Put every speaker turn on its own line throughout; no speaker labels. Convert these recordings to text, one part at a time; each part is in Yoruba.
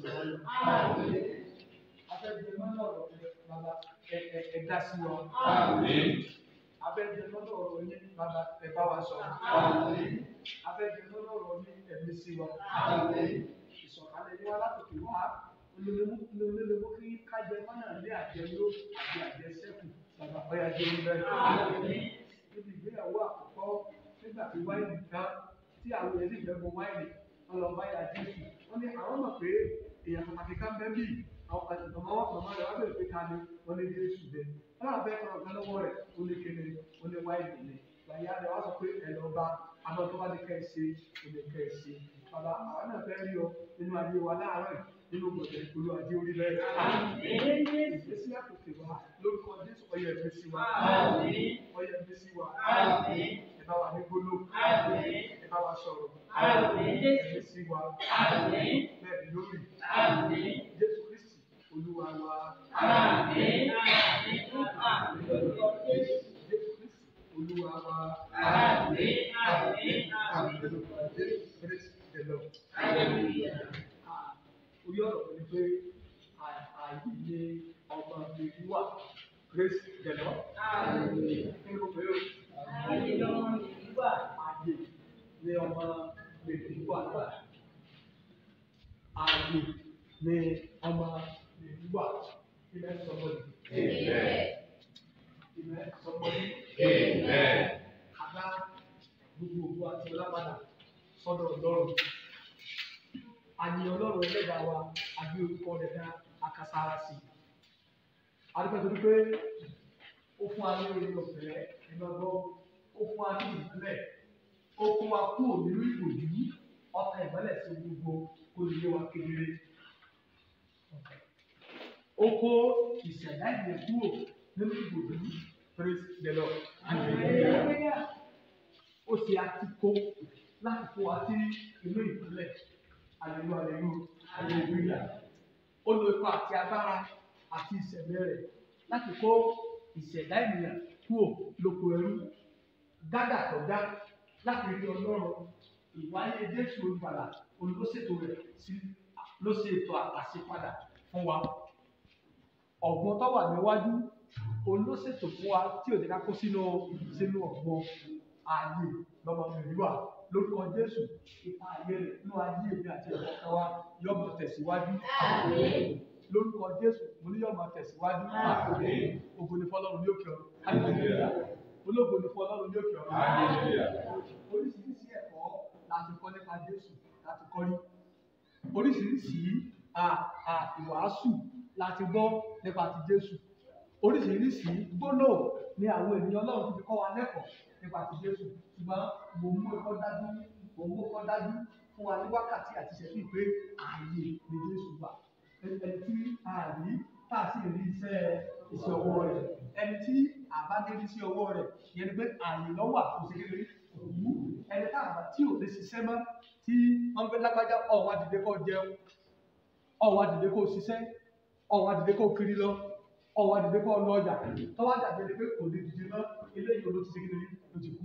ti wọ́n lọ. Abẹ́gbẹ́ mọ́nà ọ̀rọ̀ rẹ bàbá ẹ dá sí wa. Abẹ́gbẹ́ mọ́nà ọ̀rọ̀ yín bàbá ẹ bá wa sọ. Abẹ́gbẹ́ mọ́nà ọ̀rọ̀ yín ẹ̀mí sí wa. Ìsọ̀kalẹ̀ ni wọ́n látòkè wá. Olólùmọ́ kí kájẹ mọ́nà lé àjẹló àti àjẹsẹ́kù bàbá ọ̀yà jẹ́ ń bẹ́ẹ̀. Níbi ìgbéyàwó àkọ́kọ́ nígbà tí wáìnì ká tí àwọn ẹ̀rí ìgbẹ́gun wáìnì ọlọ́mọ ayé àjẹsù wọ́n ní àwọn mọ̀ pé èèyàn pàtàkì ká bẹ́ bí ọmọ ọmọ rẹ̀ wọ́n bẹ̀rẹ̀ pé ká ní wọ́n ní Jésù bẹ́ wọ́n náà bẹ́ẹ̀ tọrọ kan lọ́wọ́ rẹ̀ ó ní kíni ó ní wáìnì ni gbàyà rẹ̀ wọ́n sọ pé ẹ̀ lọ bá àmọ́ tó bá ní kẹ́ ẹ ṣe ó ní kẹ́ ẹ ṣe bàbá àwọn náà fẹ́ rí ọ nínú ayé wa láàárọ̀ nínú gbọ̀dẹ̀ ìpolú ajé orí bẹ́ẹ̀. ìgbésí àkókò wa lórúkọ Jésù ọyẹ ìgbésí wa ọyẹ ìgbésí wa ẹ bá Àmín. Jésù lè fi gbọ́ àgbàlá ààyè ni ọmọ lè fi gbọ́ àgbàlá ilẹ̀ sọmọdé. ilẹ̀ sọmọdé. àdá gbogbo ògbó àti ọlápadà sọ́dọ̀ ọlọ́run àyè ọlọ́run ẹlẹ́dàá wa àbí orúkọ rẹ̀ dá akasára sí i. adúpẹ́ torí pé ó fún wa ní orí ọ̀fẹ́ ó fún wa ní ó kó wa kú òmìnirú ìbòjú yìí ọ̀tá ìmọ́lẹ̀ sí gbogbo olùyẹ wa kedere. Ó kó ìṣẹ̀dá ìyẹn kúrò nínú ìbòjú yìí praise the Lord. Ó ṣe àtìkó láti kó wa sí inú ìpínlẹ̀ àlelu àlelu àlelúyà. Ó lo ipa àti agbára àti ìṣẹ̀lẹ̀ rẹ̀ láti kó ìṣẹ̀dá ènìyàn kúrò lóko ẹrú. Gádà tó dá láti rí ọlọ́run ìwáyé jésù olùbàlà olùlọ́sètò rẹ̀ sí ló ṣe ètò àṣepadà fún wa ọ̀gbọ́n tó wà níwájú olóṣètò fún wa tí ò ní ká kó sínú sínú ọ̀gbọ́n ààyè lọ́mọ mìíràn lórúkọ jésù ipa ààyè rẹ̀ nínú ayé mi àti ẹ̀kọ́ wa yọ̀mọ̀ tẹ̀síwájú lórúkọ jésù mo ní yọ̀mọ̀ tẹ̀síwájú ògo ni fọlọ́run ní òkè ọ̀run ológo ni fọlọ́run ní òkè ọ̀run oríṣiríṣi ẹ̀kọ́ láti kọ́ nípa Jésù láti kọ́ oríṣiríṣi ìwàásù láti gbọ́ nípa ti Jésù oríṣiríṣi gbólò ni àwọn ènìyàn Ọlọ́run ti fi kọ́ wa lẹ́kọ̀ọ́ nípa ti Jésù ṣùgbọ́n mo mú ẹ̀kọ́ dájú mo mú ẹ̀kọ́ dájú fún wa ní wákàtí àti ìṣẹ́jú pé ààyè ni Jésù wà ẹni tí a rí tá a sì rí iṣẹ́ iṣẹ́ ọwọ́ rẹ̀ ẹni tí àbá dé iṣẹ́ ọwọ́ rẹ̀ yẹn ni pé ààyè lọ́wọ́ àtúnṣe kékeré òwú ẹni tá àbá tí ò lè ṣiṣẹ́ mọ́ tí wọ́n fẹ́ lágbájá ọ̀wá dìde kó jẹun ọ̀wá dìde kó ṣiṣẹ́ ọ̀wá dìde kó kiri lọ ọ̀wá dìde kó lọ ọjà tọ́wá dàbí ẹni pé kò lè dìde mọ́ eléyìí ló ti ṣe kí ni ló ti kú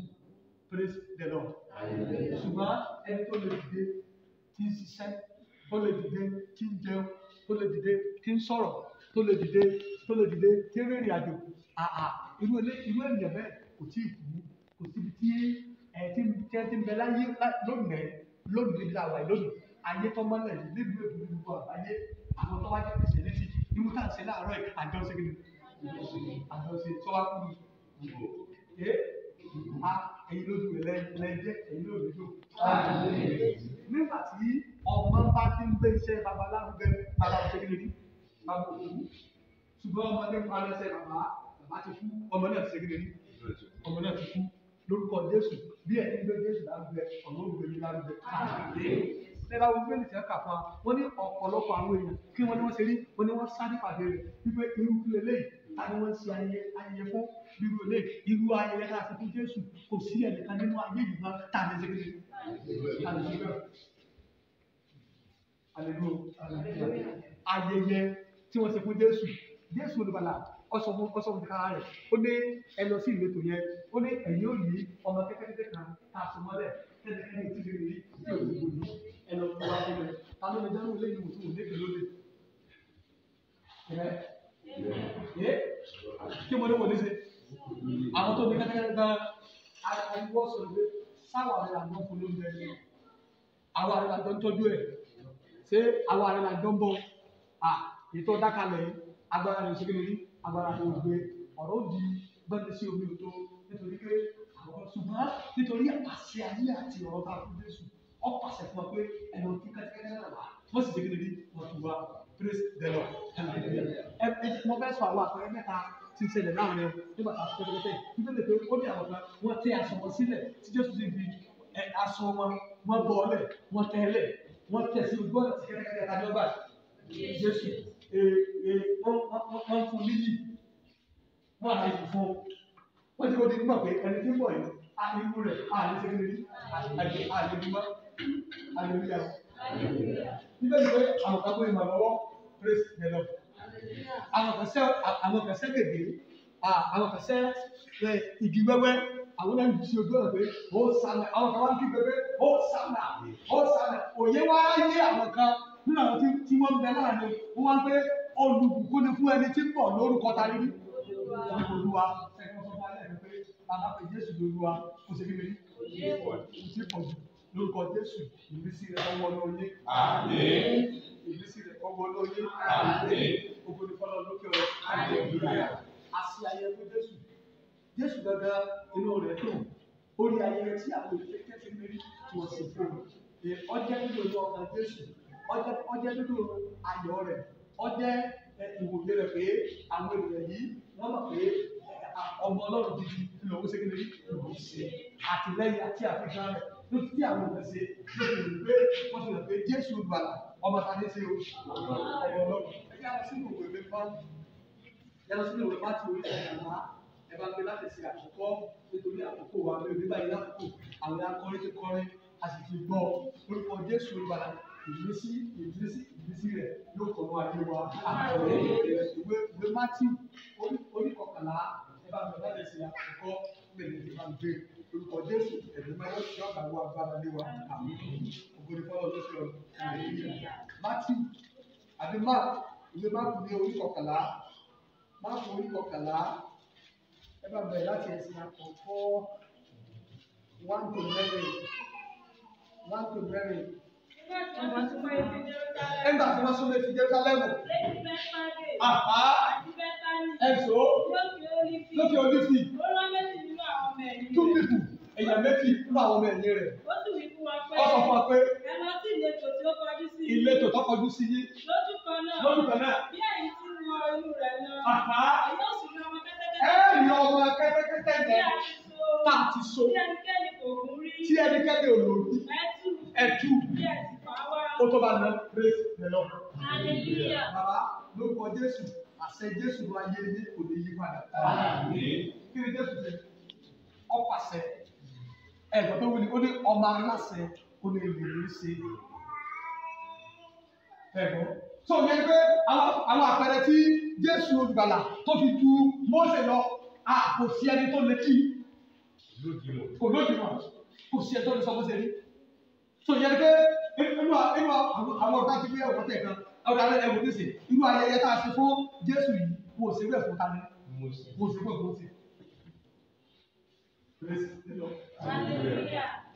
praise the lord ṣùgbọ́n ẹni tó lè dìde tí ń ṣiṣẹ́ tó lè dìde tí ń jẹun tó lè dìde tí ń sọ̀rọ̀ tó lè dìde tó lè dìde tí ń rìnrìn àjò àà irú ènìyàn bẹ́ẹ̀ kò tí ì kú kò síbi tí tí tí ń bẹ láyé lónìí lónìí níbi làwà lónìí ayé tọ́mọ́lẹ̀ níbi ètò gbogbo àbáyé àwọn tó wá jẹ́ pèsè létí irú tá à ń ṣe láàárọ̀ yìí àjọṣe kí ni àjọṣe tó wá kú ìbò ẹ a ẹyin lójú rẹ lẹ́jẹ́ ẹyin lójú tó. nígbà tí ọmọ bá ti ń gbé iṣẹ́ babaláwo bẹ babaláwo ṣe kí ni bàbá òkú ṣùgbọ́n ọmọdé ń parí ẹsẹ̀ bàbá bàbá ti kú ọmọ náà ti ṣe kí ọmọ náà ti kú lórúkọ jésù bí ẹni gbé jésù lárugẹ ọ̀nà ògbéni lárugẹ lẹ́la gbogbo ènìyàn tẹ́ka fún wa wọ́n ní ọ̀pọ̀lọpọ̀ àwọn èèyàn kí wọ́n ní wọ́n ṣe rí wọ́n ní wọ́n sáré pàdé rẹ̀ wípé irú lélẹ́yìí ta ni wọ́n ṣe ayẹyẹ ayẹyẹ fún irú lélẹ́yìí irú ayẹyẹ tá a ṣe fún jésù kò sí ẹnìkan nínú ayé yìí máa tà ní ṣẹ́kẹ́ ayẹyẹ tí wọ́n ṣe fún jésù jésù olùbàlà ọsọ fún ọsọ fún kára rẹ̀ ó ní ẹ lọ sí ìletò yẹn ó ní ẹ̀yin ò yí ọmọ kẹ́kẹ́kẹ́ kan tá a sọ mọ́lẹ̀ kẹ́kẹ́kẹ́ ti fi rí tí ò ní wòlí ẹ lọ fún wa fún mi ta ló lè dánú lé ìwò tó wò ní kìló lè. kí mo ní wòlí sí àwọn tó ní kẹ́kẹ́kẹ́ gan ariwo sọ pé sáwà rẹ̀ àgbọ̀ fún lóúnjẹ yìí àwa rẹ̀ àjọ ń tọ́jú ẹ̀ ṣé àwa rẹ̀ àjọ ń bọ̀ à ètò dákalẹ̀ agbára rẹ̀ ṣe kékeré agbára tó gbé ọ̀rọ̀ di gbẹ́ni sí omi òtó nítorí pé àwọn ṣùgbọ́n nítorí àṣẹ ayé àti ọ̀rọ̀ bá fún Jésù ọ pàṣẹ fún wa pé ẹnu tí kẹ́tẹ́kẹ́tẹ́ náà wà wọ́n sì dégbé níbi wọ́n tún wá praise the Lord ẹ mo fẹ́ sọ àwọn àpẹẹrẹ mẹ́ta ti ṣẹlẹ̀ láàrin nígbà tá a fẹ́ tẹ́tẹ́ nítorí pé ó ní àwọn kan wọ́n tẹ aṣọ wọn sílẹ̀ tí Jésù sì fi aṣọ wọn wọ́n bọ́ ọ lẹ̀ wọ́n tẹ́ lẹ̀ wọ́n tẹ̀ sí ojú ọ̀nà tí kẹ́tẹ́kẹ́tẹ́ Eh, wọ́n fún níyì wọ́n àti fún wọ́n ti kọ́ di nígbà pé ẹni tí ń bọ̀ yìí a rẹ̀ a lè ṣe kiri àti àlejúmọ́ àlejúyà nígbà tí pé àwọn kan gbé ìmọ̀ lọ́wọ́ praise the Lord àwọn kan sẹ́ àwọn àwọn kan sẹ́ igi wẹ́wẹ́ àwọn náà ti ojú ọ̀rọ̀ pé ó sànà àwọn kan wá ń kí pépé ó sànà ó sànà òye wá yé àwọn kan nínú àwọn tí wọ́n ń bẹ láàrin wọ́n wá ń pé olùbùkún ni fún ẹni tí ń bọ̀ lórúkọ ta níbí olùwà ẹ̀kọ́ sọ fún alẹ́ rẹ pé bàbá pé Jésù lolúwa kò sí kíkiri kò sí pọ̀ jù lórúkọ Jésù ìrísí rẹ ọwọ́ lóye ìrísí rẹ ọwọ́ lóye
ogun ni fọlọ́ lókè ọ̀rọ̀ àti ayẹyẹ fún
Jésù Jésù gangan inú rẹ dùn ó ní ayẹyẹ tí àwọn èdè kẹ́kẹ́ fi mérí tí wọ́n sì fún un ọjọ́ nínú ọjọ́ ọ̀gá Jésù ọjọ́ nínú ayọ̀ rẹ̀ ọ jẹ́ ìwòye rẹ̀ pé àwọn ènìyàn yìí wọ́n mọ̀ pé ọmọ ọlọ́run gidi ló ń ṣe kí ni ló ń ṣe àtìlẹ́yìn àti àfikún rẹ̀ ló ti tí àwọn ènìyàn ṣe ló ti rò pé wọ́n ti rò pé Jésù gbàlà ọmọ tani ṣe o ọmọ ọlọ́run ẹgbẹ́ àwọn sínú ìwé mi pa yàtọ̀ sínú ìwé pátì orí ìṣẹ̀dá ẹ bá gbé láti ṣe àkọ́kọ́ nítorí àkókò wa mi ò ní báyìí lákòókò àwọn akọrin ti kọrin a sì ti gbọ́ orúkọ Jésù gbàlà ìdílé sí ìdílé sí ìbísí rẹ̀ yóò kọ́ wá yé wa. Ìwé ìwé Matthew oníkọ̀kànlá ẹ bá mi ṣe àkọ́kọ́ pẹ̀lú ìjọba gbé orúkọ Jésù ẹ̀mí máa yọ ṣọ́ àgbàwọ̀ agbára lé wa àmì ògbóni fọlọ́ ló ṣe ọ̀rọ̀ Matthew àbí Mark ìwé Mark ní oníkọ̀kànlá Mark oníkọ̀kànlá
ẹ bá bẹ̀rẹ̀ láti ẹ̀sìn àkọ́kọ́ one to mẹ́rin one to mẹ́rin nígbà tí
wọ́n súnmọ́ ètò Jerusalem.
Àpá ẹ̀sọ́ lókè olífì. Two people èèyàn
méjì nínú àwọn ọmọ ẹ̀yìn rẹ̀.
Ó sì wí fún wa pé. Ó sọ fún wa pé. Ẹ lọ sí ìletò tí ó kọjú sí. Ìletò tó kọjú sí yín. Lójú kan náà. Lójú kan náà. Bí èyí ti wọ inú rẹ̀ lọ. Àpá. Èyí ò ọmọ kẹ́tẹ́kẹ́tẹ́. Ẹ Tá a ti so. Tí ẹnikẹ́ni kò gún rí. Tí
ẹnikẹ́ni ó tó bá nà praise the Lord.
bàbá ló
kọ Jésù àṣẹ Jésù ló ayé ní òde yí padà. kí ni Jésù ṣe ọpàṣẹ ẹ̀gbọ́n tó wuli ó ní ọmọ aláṣẹ ó ní ìrírí ṣe ẹ̀gbọ́n tó yẹ pé àwọn àpẹẹrẹ tí Jésù olùgbàlà tó fi ju Mósè lọ kò sí ẹni tó lè kí kò lódìmọ̀ kò sí ẹni tó lè sọ bó ṣe rí tó yẹ pé inú inú àwọn ọ̀gá ti gbéyàwó ọ̀tẹ̀ kan ọ̀dà rẹ̀ ẹ̀wò nísìn irú ayẹyẹ tá a ṣe fún Jésù yìí wò ó ṣe bẹ́ẹ̀ fún tani wò ó ṣe fún ti.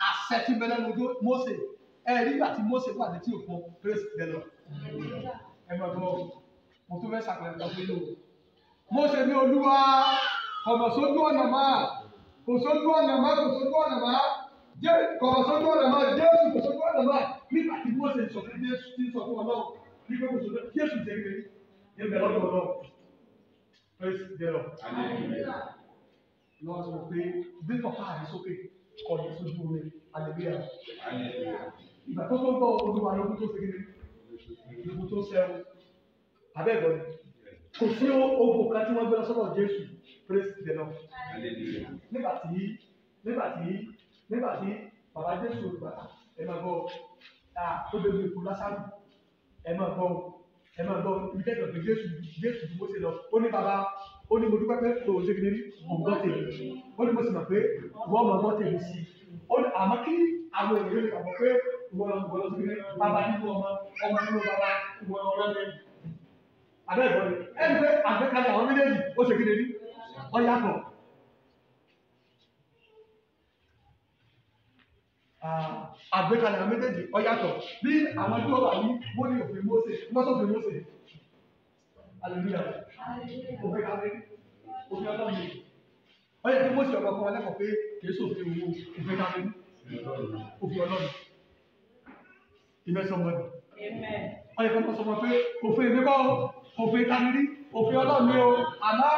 àṣẹ ti mẹ́lẹ́ nu Mósè ẹ̀ nígbà tí Mósè wà létí òkun praise the Lord ẹ máa gbọ́ mo tún fẹ́ ṣàpẹẹrẹ lọ pé lò Mósè ní Olúwa ọ̀mọ̀ sójú ọ̀nà máa kò sójú ọ̀nà máa kò sójú ọ̀nà máa kò sójú ọ̀nà máa Jésù kò sójú ọ̀nà máa nígbà tí mọ́sẹ̀ sọ fún ilé tí ń sọ fún ọlọ́run bí pé kò sọ pé jésù jẹ́ ìrírí ní ìbẹ̀ lọ́dọ̀ ọlọ́run praise the lord lọ́wọ́ sọ pé gbé tọ́ka rẹ̀ sókè kọ̀ọ̀dọ̀ sójú omi àlèbíyà ìgbà tó tó gbọ́ olúwa lókun tó segin lókun tó sẹ́wọ̀n abẹ́ẹ̀gọ́ ni kò sí ogbò kan tí wọ́n gbé lọ sọ́dọ̀ jésù praise the lord nígbà tí nígbà tí nígbà tí bàbá jésù gbà ẹ máa gbọ́ Ah, tó débi èkó lásán ẹ máa gbọ́ ẹ máa gbọ́ ibi tẹ́jọ́ pé jésù jésù tó mọ́sẹ̀ lọ ó ní bàbá ó ní mo dúpẹ́ pé tó o ṣe kí ní ògbọ́ tèmi ó ní mo sì mọ̀ pé wọ́n mọ̀ ọgbọ́ tèmi sí ó ní àmọ́ kí àwọn èèyàn lè kàwọ́ pé ìwọ lọ ìwọ lọ sí kí bàbá nínú ọmọ ọmọ nínú bàbá
ìwọ lọ lọ́dẹ abẹ́ ìbọn ẹni pé àgbékalẹ̀ àwọn méjèèjì ó ṣe kí ní ọ
Ah. àgbékalẹ̀ àwọn méjèèjì ó yàtọ̀ bí àwọn tí wọ́n wà ní wọ́n ní òfin Mósè wọ́n tó fi Mósè aleluya òfin kàwé òfin ọlọ́run yìí ó yẹ kí Mósè ọkọ̀ kan lẹ́kọ̀ọ́ pé kì í sòfin owó òfin kàwé òfin ọlọ́run ìmẹ́sọ̀mọ́ni ó yẹ kí wọ́n sọ wọn pé òfin mi kọ́ òfin kàwé rí òfin ọlọ́run ni o àmọ́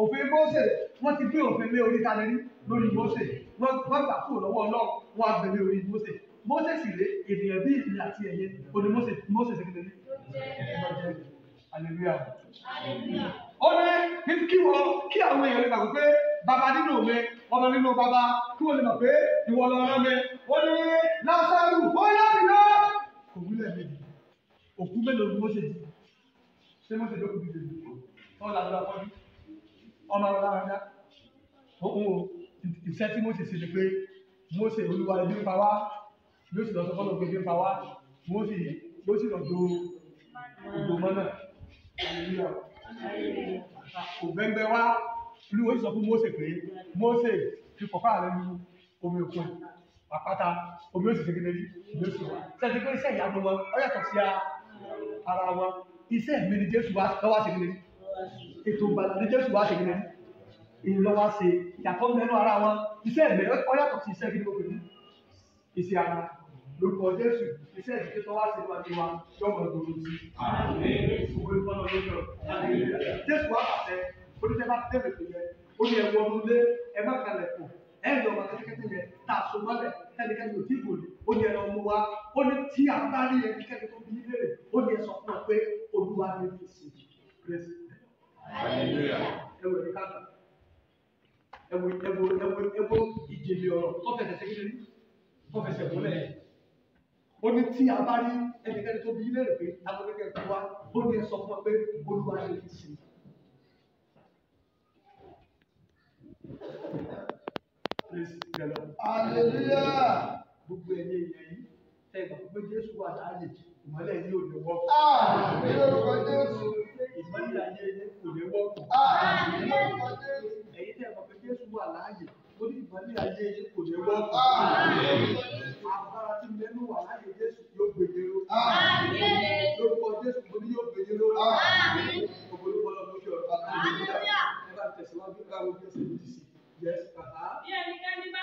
òfin Mósè wọ́n ti gbé òfin lé orí kàwé rí lórí Mósè wọ́n gbà kúrò lọ́wọ́ ọlọ́run wọ́n abẹ̀lẹ̀ orí Mósè Mósè sì ré ènìyàn bí ìpín àti ẹ̀yẹ òní Mósè Mósè sì kékeré hallelujah ó ní kí wọ́n kí àwọn èèyàn lè gbàgbọ́ pé bàbá nínú mi ọmọ nínú bàbá kí wọ́n lè mọ̀ pé ìwọ lọ́rọ́ mi ó ní Lásárù ó yá mi lọ kò wílẹ̀ mi òkú mélòó ni Mósè yìí ṣé Mósè ló kù bí lè lò ó ọ̀làdúrà fọ́jú ọmọ ọ̀làdúrà ó ń wò ó ìfẹ́ tí Mósè ṣe ni pé Mósè olúwa rẹ̀ bí ń pa wá bí ó sì lọ sọ fọ́nà pé bí ń pa wá Mósè bí ó sì lọ do odò mọ́nà ògbẹ́ngbẹ́ wá olúwa sì sọ fún Mósè pé Mósè fi pọ̀pá rẹ̀ lu omi òkun àpáta omi òsì ṣègidẹ́rí omi òsì wá sẹ́ni pé iṣẹ́ ìyanu wọn ó yàtọ̀ sí ara wọn iṣẹ́ mi ni Jésù wá ṣègidẹ́rí ètò ìgbàlódé Jésù wá ṣègidẹ́rí èyí ló wá ṣe ìyàtọ̀ mẹ́nu ara wọn iṣẹ́ ẹ̀gbẹ́ ọ̀yàtọ̀ sí iṣẹ́ gbígbó pẹ̀lú iṣẹ́ ara lórúkọ Jésù iṣẹ́ ìdíje tó wá ṣe wá ti wá yọ̀mọ̀ gbogbo sí Jésù wá pàṣẹ oníṣẹ́ bá tẹ̀lé tó yẹ ó ní ẹ̀wọ̀n ọmọdé ẹ má kalẹ̀ kù ẹ ń kẹ́kẹ́kẹ́ yẹn tá so mọ́lẹ̀ kẹ́kẹ́kẹ́ yóò tí ì ó ní ẹ̀rọ ọmọ wa ó ní tí a bá rí ẹ kẹ́kẹ́kẹ́ tó bí léèrè ó ní ẹ fún ọ pé Olúwa ní fi sí i ẹwọ ẹwọ ẹwọ ẹwọ ìjìnlẹ̀ ọ̀rọ̀ tó fẹsẹ̀ sẹkẹrẹ tó fẹsẹ̀ múlẹ̀ ó ní tí a bá rí ẹnikẹ́ni tó bí ilé rẹ pé agbẹkẹ tó wá ó ní ẹ sọ fún ọ pé olúwa ṣe fi sí i. Hallelujah! Gbogbo ẹ̀yẹ ìyẹn yìí, gbàgbọ́ pé Jésù wà láàyè jù ìmọ́lẹ̀ yìí ò ní wọ́pọ̀. Ah, ìmọ́lẹ̀ ayé yìí kò ní wọ́pọ̀. Ah, ẹ̀yin
tẹ̀ mọ̀ pé Jésù wà láàyè ó ní ìmọ́lẹ̀ ayé yìí kò ní wọ́pọ̀. Ah,
agbára tí mẹ́nu wà láàyè Jésù yóò gbèdé o. lórúkọ Jésù mo ní yóò gbèdé o. gbogbo olúkọ lọ lórí
ọ̀rọ̀ bàbá mi.
ẹ bá tẹ̀síwájú káwọn bí ó ṣe lòdì sí. yẹ́sì
bàbá. bí ẹnikẹ́ni bá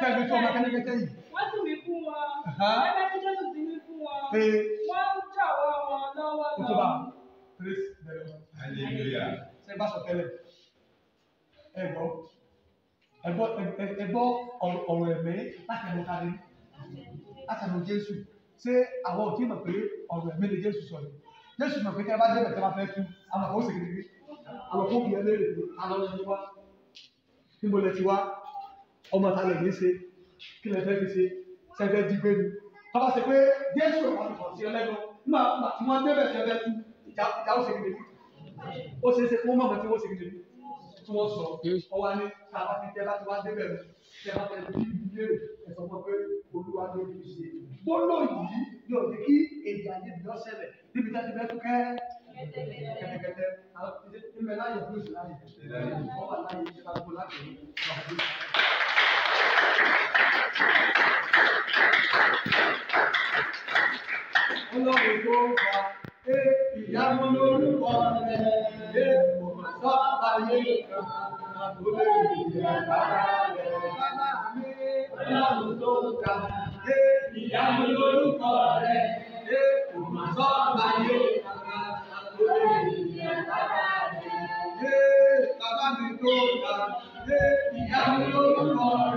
kẹ́gbẹ́ tí ọmọ kẹ́lẹ́gbẹ́ tẹ́yìn. wọ́n sì wí fún wọn ẹgbẹ́ tí jésù ti wí fún wọn wọ́n ń jọ̀wọ́ wọn lọ́wọ́ lọ. kótóbá
praise the Lord. hallelujah. ṣé bá sọ tẹ́lẹ̀ ẹ gbọ́ ẹ gbọ́ ọ̀rọ̀ ẹ̀mí láti kárí láti jésù ṣé àwọn òkè mọ̀ pé ọ̀rọ̀ ẹ̀mí ni jésù sọ ni jésù mọ̀ pé kí ẹ bá dé bẹ̀tẹ̀ bá fẹ́ tú àmọ̀ kó sì kiri àmọ̀ kó bìí ẹ lérè àlọ́ ọmọ ta lè ní ṣe kí lè fẹ́ fi ṣe sẹ́fẹ́ dígbé ni tọ́ba ṣe pé jésù ọ̀pọ̀ àtùkọ̀ sí ẹlẹ́gbọ́ nígbà tí wọ́n débẹ̀ tí wọ́n ṣe gidi tí wọ́n sọ a bá ti tẹ́ bá wá débẹ̀ rẹ̀ tẹ́ bá tẹ́ bí ilé ẹ̀sọ́ mọ́ pé olúwa ló ti ṣe gbọ́dọ̀ yìí yóò di kí èdè àyè ìjọ ṣẹlẹ̀ níbi tá a ti fẹ́ tún kẹ́ kẹ́tẹ́kẹ́tẹ́ àwọn ìgbẹ́ láyè fún ìsìn
láyè ọ̀pọ̀ láyè Ọlọ́run tó ń fa ṣé
ìyanu lórúkọ rẹ̀ ṣé kò sọ ayé kan
àbúrò ìjọba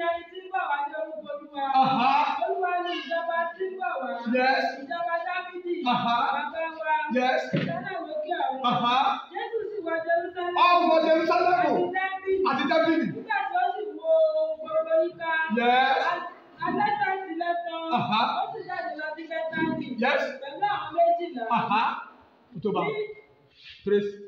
ni ẹni tí ń bọ̀ wá ní orúkọ olúwa. olúwa ni ìjọba tí ń ìjọba dábìdì. bàbá wa. ìjọba lókè ọ̀run. jésù sì wọ jerusalem. ọ wọ jerusalem àti dábìdì. nígbà tí ó sì wo gbogbo yíká. afẹ́fẹ́ ti lẹ tán. ó sì jáde lọ sí bẹ́tánì. pẹ̀lú àwọn méjìlá.
tó bá praise.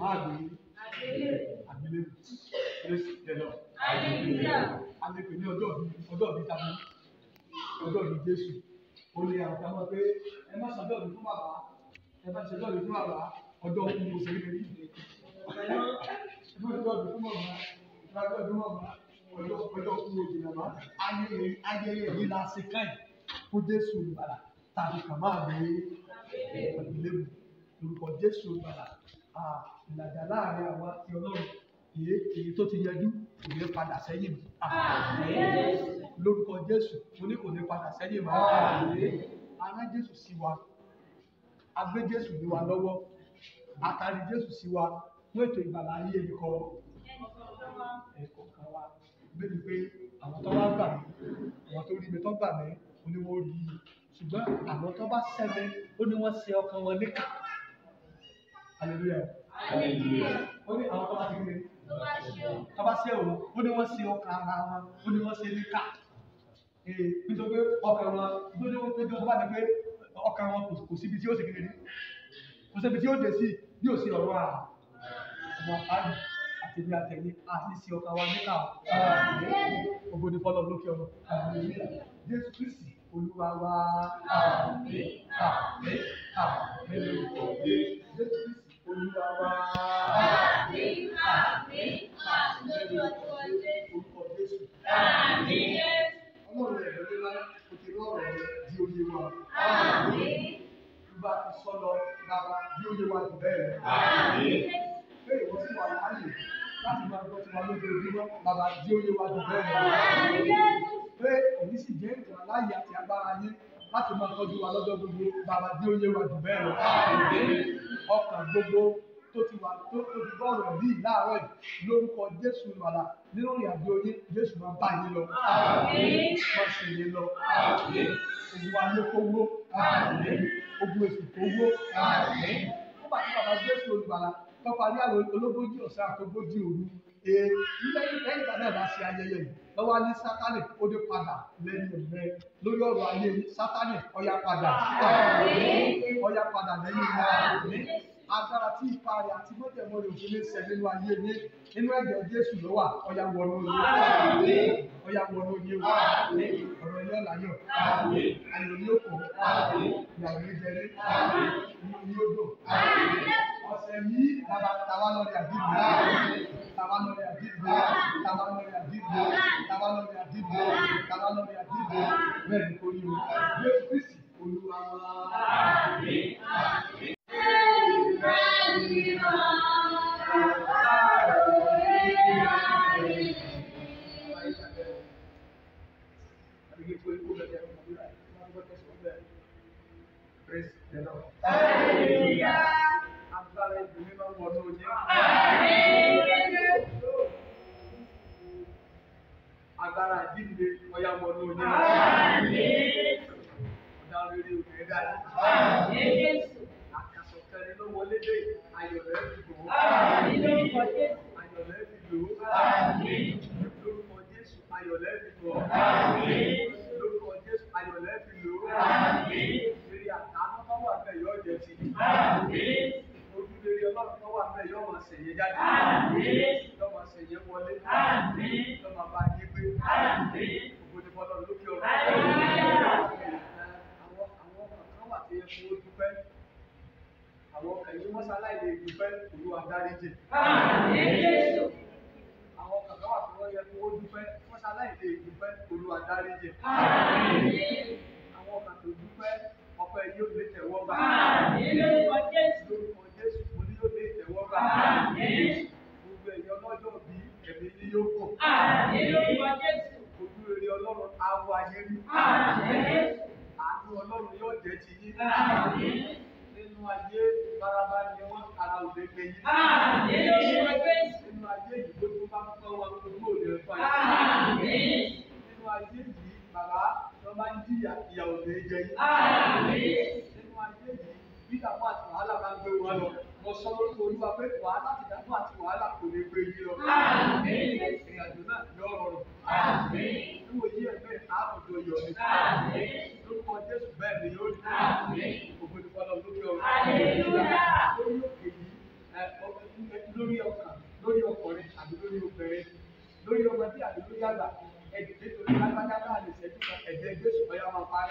máa gbé àgbélé praise the lord àgbègbè ní ọjọ́ bíi ọjọ́ bíi tàbí ọjọ́ bíi jésù ó lé àwọn táwọn pé ẹ má ṣọjọ́ bíi fún bàbá ẹ má ṣọjọ́ bíi fún bàbá ọjọ́ fún mi kò sí kékeré yìí ẹ má ṣọjọ́ bíi fún bàbá ẹ má ṣọjọ́ bíi fún bàbá ọjọ́ ọjọ́ fún mi òjì bàbá ayẹyẹ ayẹyẹ yìí la ṣe káyì fún jésù ìbàdà tàbí kàmáà gbé àgbélé lórúkọ jésù ìbàdà ìlàjà láàrin àwa àti ọlọ́run èyí tó ti yanjú kò ní padà sẹ́yìn lórúkọ jésù mo ní kò ní padà sẹ́yìn máa ará jésù sí wa agbé jésù lé wa lọ́wọ́ àtàrí jésù sí wa fún ètò ìgbàlá ayé ẹnì kan ẹ̀kọ́ kan wa bẹ́ẹ̀ ni pé àwọn tó bá gbà mí àwọn tó rí mi tó gbà mí ó ní wọ́n rí i ṣùgbọ́n àwọn tó bá sẹ́mi ó ní wọ́n ṣe ọkàn wọn níkà hallelujah hallelujah ó ní àwọn tó bá ti gbé tó bá ṣe òun ó ní wọ́n ṣe ọkàn ara wọn ó ní wọ́n ṣe ní ká nítorí ọkàn wọn nítorí wọ́n pé jọ́sọ́ bá ní pé ọkàn wọn kò síbi tí ó ṣe kékeré kò síbi tí ó dé sí bí ó ṣe ọ̀rọ̀ à ọmọ àpáàdì àtẹ̀lé àtẹ̀lé àti ṣe ọkàn wa níkà ògo ni fọlọ́ lókè ọ̀rọ̀ Jésù Kristi Olúwa wa àmín
àmín àmín Jésù Kristi. Olúwa bàbá di wa
jù bẹ́ẹ̀ lọ. Pé òní sì jẹ́ ìtàn láyé àti agbára yín láti máa tọ́jú wa lọ́jọ́ gbogbo bàbá bí ó yé wa jù bẹ́ẹ̀ lọ ọkàn gbogbo tó ti wà tó ti bọ́ọ̀rọ̀ yìí láàárọ̀ yìí lórúkọ Jésù lọ́la nínú ìrìn àjò Jésù máa bá yín lọ. Má sì yé lọ. Ògùn alókòwò. Ògùn èsì tó wó. Nígbà tí bàbá Jésù olùbàlà tọ́parí àwọn ológójì ọ̀sán àtogójì òru. Èyí lẹ́yìn lẹ́yìn ìgbà náà bá ṣe ayẹyẹ yìí ẹ wá ní sátánì ó dé padà lẹ́yìn rẹ lórí ọ̀rọ̀ ayé sátánì ọ̀yà padà ọ̀yà padà lẹ́yìn rẹ agbára tí ipa rẹ̀ àti mọ́tẹ̀mọ́ rẹ̀ òfin lè sẹ̀ nínú ayé ní inú ẹ̀jẹ̀ Jésù ló wà ọ̀yà wọnú yé ọ̀yà wọnú yé wà ọ̀rọ̀ ilé ọ̀làyọ̀ àyọ̀ ní òkò ìyàwó ìjẹrẹ ìyàwó ní odò. Yeah. nǹkan tó jẹ́. Agbára ìdílé ọ̀yá wọ ní oní náà. Ọ̀dà rere òkè dára. Àkàsọ̀ kẹrin ló wọlé dé ayọ̀ rẹ̀ fi lò ó. Ayọ̀
rẹ̀ fi lò ó. Lórúkọ Jésù ayọ̀ rẹ̀ fi lò ó. Lórúkọ Jésù ayọ̀ rẹ̀ fi lò ó. Eré àtàlọ́kọ́
wà bẹ́ẹ̀ yọ̀ọ́ jẹ ti rere ọlọ́run tó wà bẹ́ẹ̀ yóò máa ṣèyẹ jáde. yóò máa ṣèyẹ wọlé. yóò máa bá yé gbé. ògbó ni
bọ́lá lókè ọ̀rọ̀. àwọn àwọn
kan wà tó yẹ kó o dúpẹ́. àwọn kan yìí wọ́n ṣaláì lè dúpẹ́ olú adáríjì. àwọn kan wà tó yẹ kó o dúpẹ́ wọ́n ṣaláì lè dúpẹ́ olú adáríjì. àwọn kan tó dúpẹ́ ọpẹ́ Gbogbo ẹ̀yọ́ lọ́jọ́ bí ẹ̀mí ni yóò pọ̀. Ojú rere Ọlọ́run á wá rí. Àánú Ọlọ́run yóò jẹ́ ti yín. Nínú ayé baraba ni wọ́n ara ò lè yín. Nínú ayé yìí gbogbo bá tọ́ wa gbogbo ò lè fa yín. Nínú
ayé yìí bàbá
lọ́ máa ń jìyà ìyàwó lè jẹ yín. Nínú ayé yìí bí àwọn àti wàhálà máa ń gbé wọn lọ mo sọ lórúkọ olúwa pé wàhálà ìdáhùn àti wàhálà kò lè gbé yín lọ. ìrìn àjò náà yọ ọrọrùn. níwò yí ẹ bẹ́ẹ̀ àbùdó yọ ni. lórúkọ jésù bẹ́ẹ̀ ni yóò ní. ògbóni fọlọ lórí ọkàn. lórí òkè yìí lórí ọkàn lórí ọkùnrin àbí lórí obìnrin lórí ọmọdé àbí lórí àgbà ẹ̀dì nítorí lágbájá náà lè ṣẹ́jú kan ẹ̀jẹ̀ jésù ọ̀yà máa parí.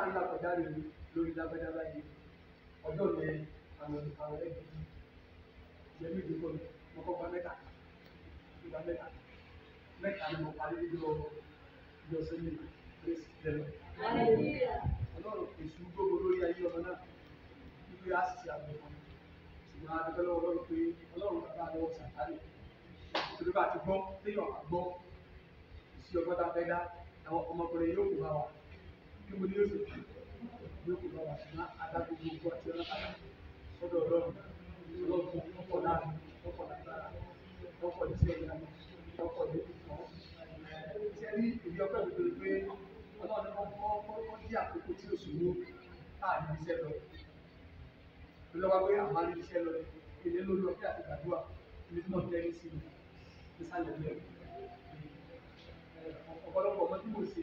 tá ń lágbàdá rè mí lórí lágbàdá báyìí ọjọ́ yẹn àwọn àwọn ẹbí ìyẹn mi dúró mo kọ́ gba mẹ́ta gba mẹ́ta mẹ́ta ni mo parí lọ lọ sẹ́yìn grace lẹ́nu. ọlọ́run èṣù gbogbo lórí ayé ọmọ náà nígbà á sì àgbẹ̀ wọn ṣùgbọ́n adúgbò lọ́wọ́ ọlọ́run pé ọlọ́run bàbá lọ́wọ́ sàkárì ìṣòro bá ti gbọ́ téèyàn bá gbọ́ ìṣí ọgbọ́n tá a fẹ́ dá àwọn ọmọkùnrin yóò kó bí mo ní yóò kí ní bá wà sí ná adágún gbogbo àti ọlọ́pàá sọ́dọ̀ ọlọ́run ọlọ́run ọkọ̀ láàrin ọkọ̀ lágbára ọkọ̀ tí ẹ̀yà ọkọ̀ lè fọ́ tí ní ìdí ọpẹ́ mi lórí pé ọlọ́run ọkọ̀ ọkọ̀ dí àkókò tí oṣù mú káàdì iṣẹ́ lọ lọ́wọ́ pé àmàlí iṣẹ́ lọ ilé lórí ọpẹ́ àti gbàdúrà ilé tí wọ́n tẹ́lẹ̀ sí ìsàlẹ̀ lẹ́yìn ọ̀pọ̀lọpọ̀ ọmọ tí mo ṣe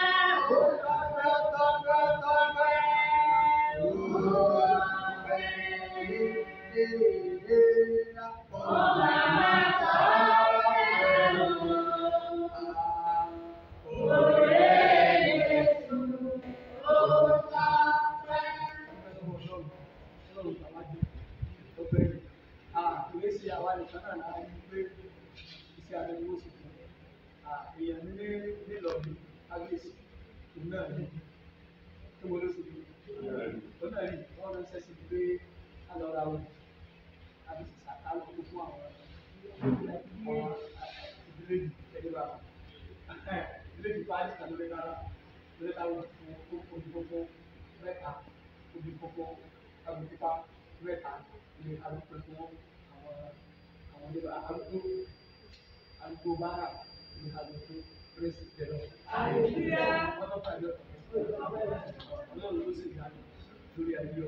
Ọ̀nà rí, wọ́n ránṣẹ́ sí pé a lọ ra wọn. Lórí ayé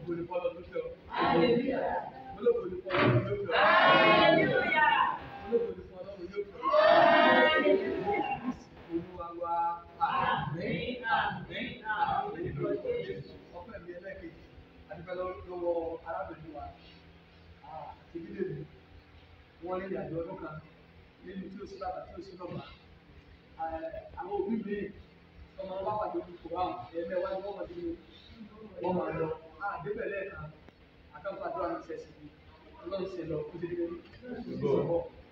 Ògo wọ́n máa dúró lọ àdébẹ̀ lẹ́ẹ̀kan àkàǹkọ́ àdúrà ló ṣẹ̀ sí ọlọ́run ṣe lọ kó ṣe dé lórí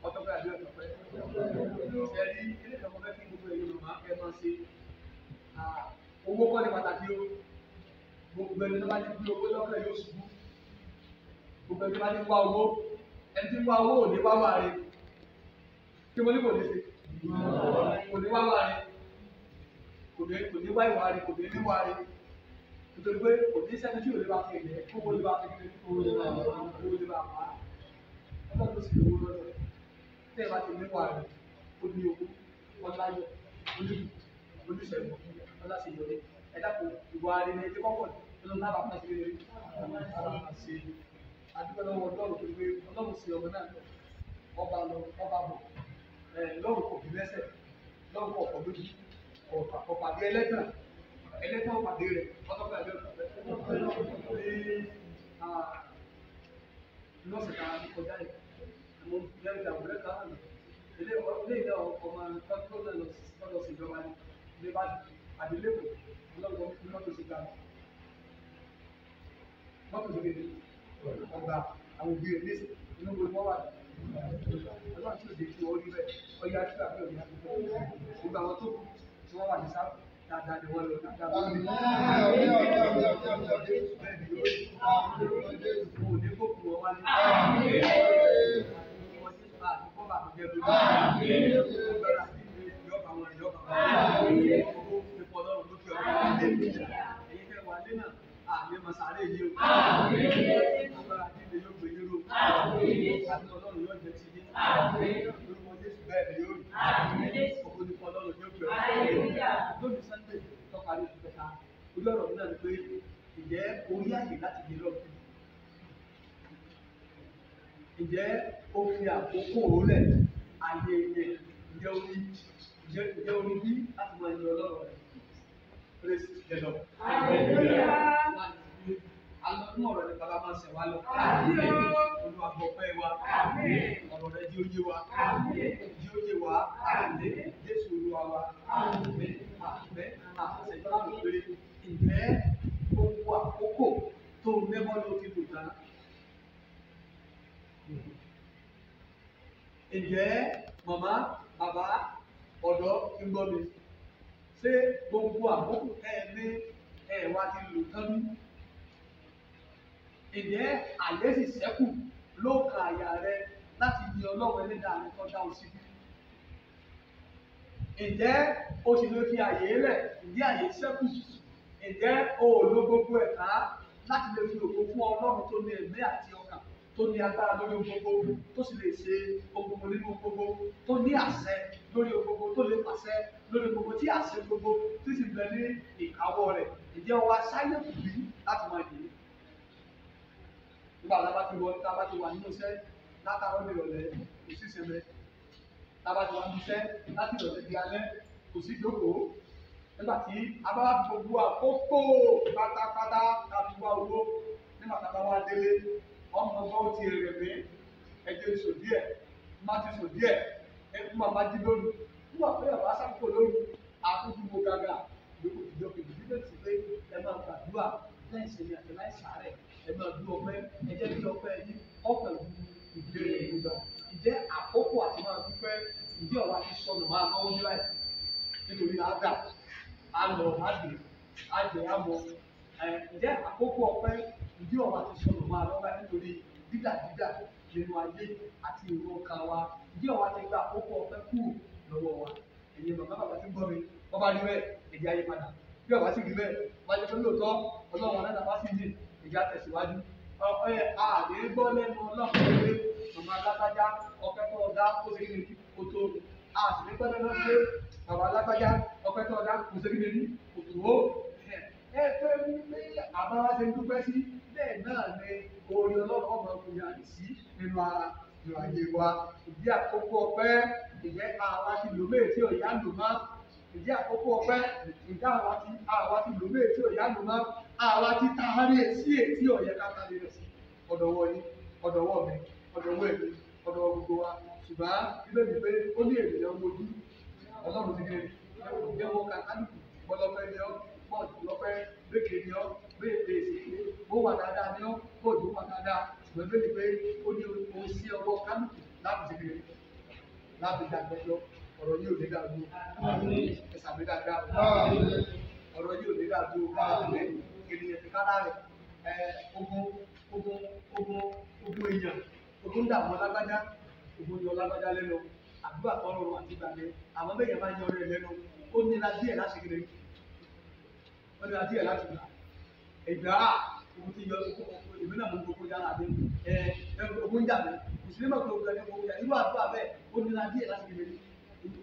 ọtọ́gbẹ́ àdúrà tó pẹ́ ṣẹ̀rí ilé ìjọba fẹ́ kí gbogbo èyí ló máa fẹ́ máa ṣe owó kọ́ ní pàtàkì o gbogbo ẹni tó bá ti gbé owó lọ́kàn yóò ṣubú gbogbo ẹni tó bá ti wá owó ẹni tí wá owó ò ní wá wà rẹ kí mo ní kò ní ṣe kò ní wá wà rẹ kò ní wá rẹ kò ní ní rẹ nítorí pé òní sẹ́ni tí ò bá fi ilẹ̀ kó wọlé bá fi ilẹ̀ kó wọlé bá fi ilẹ̀ kó wọlé bá pa á tó sì lówó lọ́dọ̀ tẹ́ ẹ bá ti nípa rẹ̀ ó ní owó ọláyọ̀ olùsẹ̀wọ̀ ọlásìyọrí ẹ̀dá kò ìwà rẹ̀ ní ẹjẹ́ kọ́kọ́ nínú lábàá fún ẹ̀sìn rẹ̀ ṣe àdúgbò lọ́wọ́ ọlọ́run tó gbé ọlọ́run sí ọmọ náà lọ ọba lọ ọba bọ̀ lọ́run kò bí lẹ́sẹ̀ lọ́run kò ọ̀pọ̀ lójú ọ̀pọ̀ ẹlẹ́gbẹ̀rún ẹlẹ́gbọ́n pàdé rẹ̀ ọlọ́pàá ẹgbẹ́ lọ́sẹ̀ tá kọjá yìí mo lẹ́yìn ìdààmú lẹ́ta àná ilé ìdá ọmọ tọ́lọ́ lọ sí ìjọba ní ilé bá àdélébò ọlọ́wọ́ mọ́tò sí gbàgbọ́ mọ́tò sí gbèdé ọgbà àwọn òbí rẹ̀ lẹ́sẹ̀ inú gbogbo wà ọlọ́run tí ò dé tí wọ́n bẹ́ẹ̀ ọyá tí àbí ọ̀yá gbogbo àwọn tó kù tí wọ́n wà ní sáà dáadáa ni wọ́n lò dáadáa wọ́n lò.
Mo ní kó kú ọwá ní. Wọ́n ti bá àdúgbò bàbá jẹ́ lórí. Ó bẹ̀rẹ̀ àti ilé ìjọba wọn ìjọba wọn. Owó ìpọ̀ lọ́rùn ló fi ọwọ́ wọn dé. Èyí fẹ́ wà lé náà. Àmì màsàlẹ̀
yìí o. Agbára àti ilé yóò gbé yín ró. Àti ọlọ́run yóò jẹ ti yín. Lórúkọ Jésù bẹ́ẹ̀ ni yóò rí. Òkú ni kọ́ ọlọ́run yóò gbé ọ ojú ọ̀rọ̀ náà ni pé ǹjẹ́ orí àyè láti dé lọ ǹjẹ́ ó fi
àkókò rólẹ̀ ayé yẹn ǹjẹ́ orí ǹjẹ́ orí bí láti máa yọ ọlọ́rọ̀ rẹ̀ praise the Lord.
alọ́nú ọ̀rọ̀ ni bàbá máa ṣẹ̀ wá lọ. olú àgbọ̀pẹ́ wa ọ̀rọ̀ rẹ̀ di oyé wa di oyé wa Jésù Olúwa wa àmín àmín àṣẹ ìbámu péré ìfẹ́ gbogbo àkókò tó ń lẹ́mọ́ ló fi lò tán. Ǹjẹ́ màmá bàbá ọ̀dọ́ ti gbọ́ mi? Ṣé gbogbo àkókò ẹ ní ẹ wá ti lò tán ní? Ǹjẹ́ àyè sì ṣẹ́kù ló ka àyà rẹ láti di ọlọ́run ẹlẹ́dàá rẹ tó dá o sí Ǹjẹ́ o sì lè fi àyè lẹ̀ ǹjẹ́ àyè ṣẹ́kù sí? ǹjẹ́ o ò lo gbogbo ẹ̀ ká láti lè fi ògo fún ọlọ́run tó ní ẹ̀mí àti ọkàn tó ní agbára lórí gbogbo tó sì lè ṣe gbogbo nínú gbogbo
tó ní àṣẹ
lórí gbogbo tó lè pàṣẹ lórí gbogbo tí àṣẹ gbogbo tí sì bẹ ní ìkáwọ́ rẹ̀ ǹjẹ́ wa ṣáyẹ kù bí láti máa yìí nígbà tábà ti wọ tábà ti wà nínú iṣẹ́ látàwọn ìrọ̀lẹ́ kò sí ìsinmi tábà ti wà nínú iṣẹ́ láti ìrọ̀lẹ́ di alẹ́ kò sí ìjókòó nígbà tí a bá gbogbo àkókò pátápátá tàbí wá owó nígbà tá a bá wá délé ọmọ bọ́ọ̀ ti rẹ̀ mí ẹ̀jẹ̀ sò díẹ̀ má ti sò díẹ̀ ẹ̀kú màmá jí lóru nígbà pé ọ̀bá sáfù lóru àkókò mo gàgà lóko ìjọ kejì bí bẹ́ẹ̀ sì pé ẹ máa gbàdúrà láìsẹ̀ ní àti láìsà rẹ̀ ẹ máa dú ọpẹ́ ẹ jẹ́ kí ọpẹ́ yín ọpẹ́ lu ìbéèrè ìgbà ìjẹ́ àkókò àti máa dúpẹ́ ìjẹ́ ọ̀rọ̀ àti sọnù máa náwó níláì nítorí àádá àmọ̀ àgbè àgbè àmọ̀ ǹjẹ́ àkókò ọpẹ́ ìdí ọ̀rọ̀ àti sọ̀rọ̀ máa lọ́wọ́ nítorí dídàdídà nínú ayé àti ìwọ ọkà wa ìdí ọ̀rọ̀ àti ìgbà àkókò ọpẹ́ kù lọ́wọ́ wa ẹ̀yin bàbá bàbá tí ń gbọ́ mi bàbá rí bẹ́ẹ̀ ẹ̀jẹ̀ ayé padà bí ọ̀bá sì rí bẹ́ẹ̀ wájú pé lóòótọ́ ọlọ́run ọ̀nà bá sì yìn ìjà tẹ̀síwájú ọ̀pẹ àdé gbọ́ lẹ́nu ọlọ́run pé màmá alágbájá ọpẹ́ tó ọ̀dá ó sì rí kótó àṣìlẹ́gbẹ́lẹ́ lọ́sẹ̀ àwọn alágbájá ọpẹ́ tó ọdá kò sí kíni òtúwó ẹ fẹ́ ní àbáwá ṣe ń dúpẹ́ sí bẹ́ẹ̀ náà ni orí ọlọ́run ọmọ ọkùnrin àti sí nínú ara ìrọ̀ àyè wa ìdí àkókò ọpẹ́ ìjẹ́ àwa ti lò méè tí òyà lò má ìdí àkókò ọpẹ́ ìdá àwa ti àwa ti lò méè tí òyà lò má àwa ti taari sí ètí ọ̀yẹ́ káta lè rẹ̀ sí ọ̀dọ̀wọ́ yín ọ̀dọ̀wọ́ mi ọ̀dọ̀wọ́ èmi ọ̀dọ̀wọ́ gbogbo wa ṣùgbọ́n ilé mi pé ó ní ènìyàn mojú ọlọ́run ti gbé ǹjẹ́ wọ́n ka kálukú bọ́lọ́fẹ́ ni ọ́ bọ́ọ̀dù lọ́fẹ́ gbèké ni ọ́ gbèké sí i ó wà dáadáa ni ọ́ bọ́ọ̀dù wà dáadáa ṣùgbọ́n bẹ́ẹ̀ pé ó ní o sí ọwọ́ kálukú láti ti gbé láti dàgbẹ́jọ́ ọ̀rọ̀ yìí ò ní dàgbò ẹ̀sà mi dáadáa ọ̀rọ̀ yìí ò ní dàgbò ènìyàn ti kára rẹ̀ ogun ogun ogun ogun èèyàn ogun dààmú ọlágbájá ogun yọ ọlágbájá lẹ́nu àdúrà tọrọ òun àti ìgbàgbé àwọn bẹ́ẹ̀ máa ń yan ọrẹ lẹ́nu ó nira díẹ̀ láti kiri ó nira díẹ̀ láti gbà ìgbà òun ti yọ ìwé náà mú gbogbo yàrá dé ẹ ẹ ogun jà mí mùsùlùmí ọ̀gbìn ogun ẹni gbogbo yàrá irú àdúrà bẹ́ẹ̀ ó nira díẹ̀ láti kiri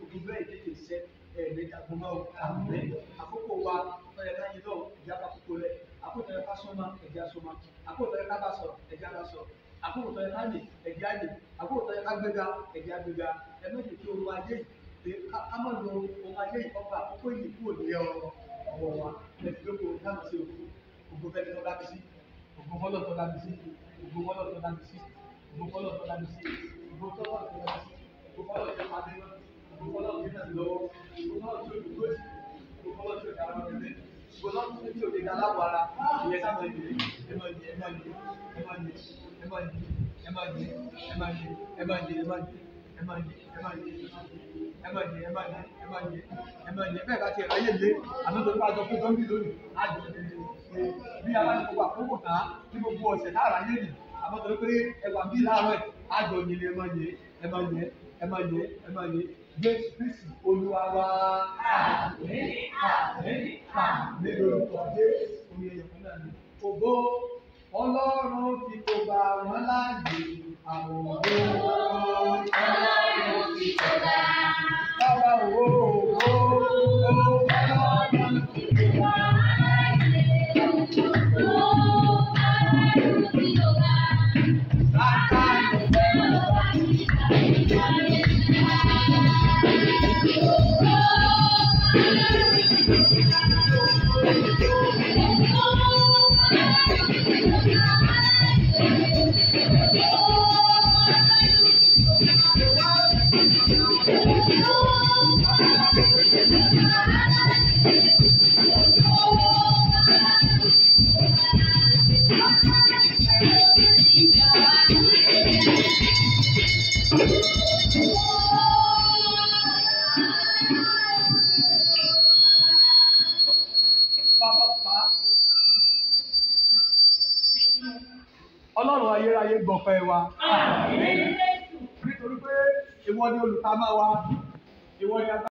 ògùn bẹ́ẹ̀ tètè sẹ́ ẹ̀ẹ́dẹ́gbẹ̀ àgbọ̀nmọ́ àmúlẹ̀ àkókò wa ọ̀yẹ̀ káyé náà ìjà àkókò rẹ̀ àkókò rẹ̀ ká sọ́mà àkókò tó yẹ ká lè ẹ̀jẹ̀ àjè àkókò tó yẹ ká gbéga ẹ̀jẹ̀ àgbéga ẹ méjì kí ohun ajé yìí ká mọ̀ lo ohun ajé yìí kọ́kọ́ àkókò yìí kúrò ní ọwọ́ wa lẹ́sí lóko dáhùn sí òkú ògbó fẹ́ni tó dábí sí ògbó mọ́lọ̀ tó dábí sí ògbó mọ́lọ̀ tó dábí sí ògbó mọ́lọ̀ tó dábí sí ògbó tó wà tó dábí sí ògbó mọ́lọ̀ tó padé ògbó mọ́lọ̀ tó dábí lọ́wọ́ ògbó mọ́lọ̀ tó dùgbò ògbó mọ́lọ̀ tó dábí lọ́wọ́ kò lọ́ fún tí òde dáná wọ ara ìyẹn sábà di ẹ máa di ẹ máa di ẹ máa di ẹ máa di ẹ máa di ẹ máa di ẹ máa di ẹ máa di ẹ máa di ẹ máa di ẹ máa di ẹ máa di ẹ máa di ẹ máa di bẹ́ẹ̀ bá tiẹ̀ ráyè lé àmọ́ tó bá jọ pé tó ń bì lónìí á jọ bí alágbèbọ àkókò tá ní gbogbo ọ̀sẹ̀ náà ráyè nì àmọ́ tó pé ẹwà bí láàárọ̀ ẹ̀ á jọ nílé ẹ máa yẹ ẹ máa yẹ ẹ máa yẹ ẹ máa yẹ Jésù Kristi Olúwa wa. Àmì
àmì àmì lórúkọ Jésù oyè
ìyẹ̀fun náà ni. Òbó Ọlọ́run ti kó ba wọn láàyè àwòrán. Ọlọ́run ti kó ba. Bàbá wo. ọlọ́run ayérayé
gbọ̀pẹ́ wa. nítorí pé ìwọ ni olùkámá wa ìwọ ni agbára.